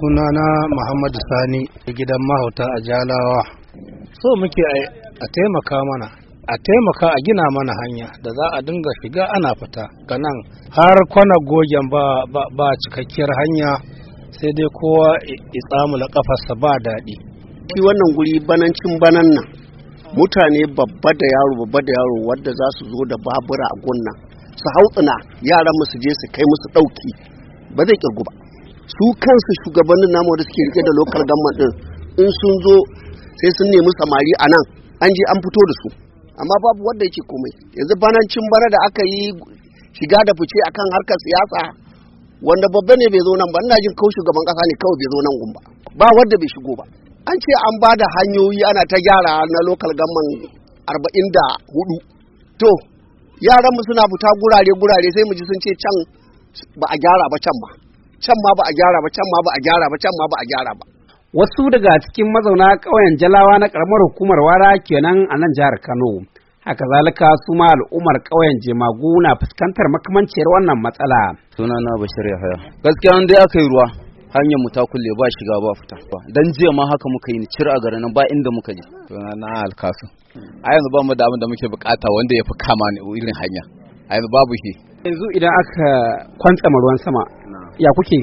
sunana muhammadu sani gidan mahauta a jalawa so muke a taimaka mana a taimaka a gina mana hanya da za a dinga shiga ana fita ga nan har kwana gogen ba, cikakkiyar hanya sai dai kowa ya kafarsa ba daɗi shi wannan guri banancin banan nan mutane babba da yaro babba da yaro wadda za su zo da babura a gunna su hautsina yaran su je su kai musu ɗauki ba zai ƙirgu ba su kansu shugabannin namu da suke rike da lokal gamman din in sun zo sai sun nemi samari a nan an je an fito da su amma babu wanda yake komai yanzu banancin bara da aka yi shiga da fice akan harkar siyasa wanda babba ne bai zo nan ba ina jin kawai shugaban kasa ne kawai bai zo nan gumba ba wanda bai shigo ba an ce an ba da hanyoyi ana ta gyara na lokal gamman arba'in da hudu to yaran mu suna fita gurare gurare sai mu ji sun ce can ba a gyara ba can ba can ma ba a gyara ba can ma ba a gyara ba can ma ba a gyara ba wasu daga cikin mazauna ƙauyen jalawa na ƙaramar hukumar wara kenan a nan jihar kano haka zalika su ma al'ummar ƙauyen jemagu na fuskantar makamanciyar wannan matsala sunana bashir yahaya gaskiya an dai aka yi ruwa hanyar mu ta kulle ba shiga ba fita dan jiya ma haka muka yi cira a garin ba inda muka je sunana alkasu a yanzu ba mu da abin da muke bukata wanda ya fi kama ne irin hanya a yanzu babu shi yanzu idan aka kwantsa ruwan sama ya kuke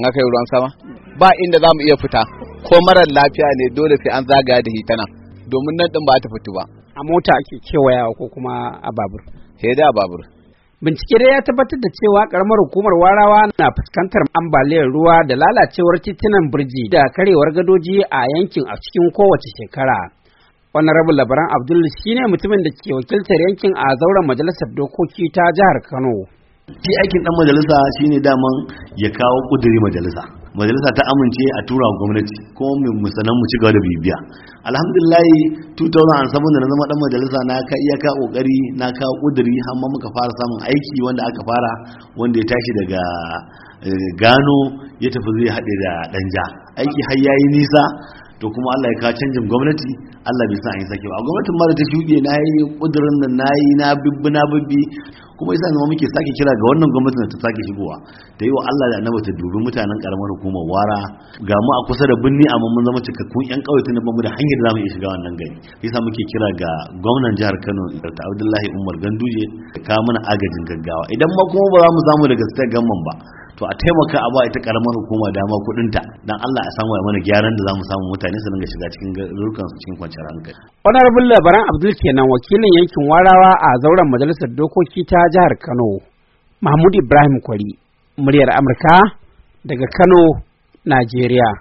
na kai ruwan sama ba inda za mu iya fita ko marar lafiya ne dole sai an zagaya da hitana domin nan din ba ta fitu ba a mota ake kewayawa ko kuma a babur sai da babur bincike dai ya tabbatar da cewa karamar hukumar warawa na fuskantar ambaliyar ruwa da lalacewar titunan birji da karewar gadoji a yankin a cikin kowace shekara rabin labaran abdul shine mutumin da ke wakiltar yankin a zauren majalisar dokoki ta jihar kano shi aikin dan majalisa shine daman ya kawo kuduri majalisa majalisa ta amince a tura gwamnati ko mu sanan mu ci gaba da bibiya alhamdulillah 2007 da na zama dan majalisa na ka iya ka kokari na ka kuduri har ma muka fara samun aiki wanda aka fara wanda ya tashi daga eh, gano ya tafi zai haɗe da ɗanja aiki har yayi nisa to kuma Allah ya ka canjin gwamnati Allah bai sa an yi sake ba a gwamnatin ma da ta shuɗe na yi ƙudurin da na yi na bibbi na bibbi kuma isa zama muke sake kira ga wannan gwamnati da ta sake shigowa ta yi wa Allah da annabi ta dubi mutanen karamar hukumar wara ga mu a kusa da binni amma mun zama cikakkun yan kauye tun mu da hanyar da zamu iya shiga wannan gari yasa muke kira ga gwamnan jihar Kano Dr. Abdullahi Umar Ganduje ka mana agajin gaggawa idan ma kuma ba za mu samu daga gaske gamman ba to a taimaka a ba ita karamar hukuma dama kudinta dan Allah ya samu mana gyaran da zamu samu mutane su dinga shiga cikin garurukan su cikin kwanciyar hankali honorable labaran abdul kenan wakilin yankin warawa a zauren majalisar dokoki ta jihar Kano Mahmud Ibrahim Kwari muryar Amurka daga Kano Najeriya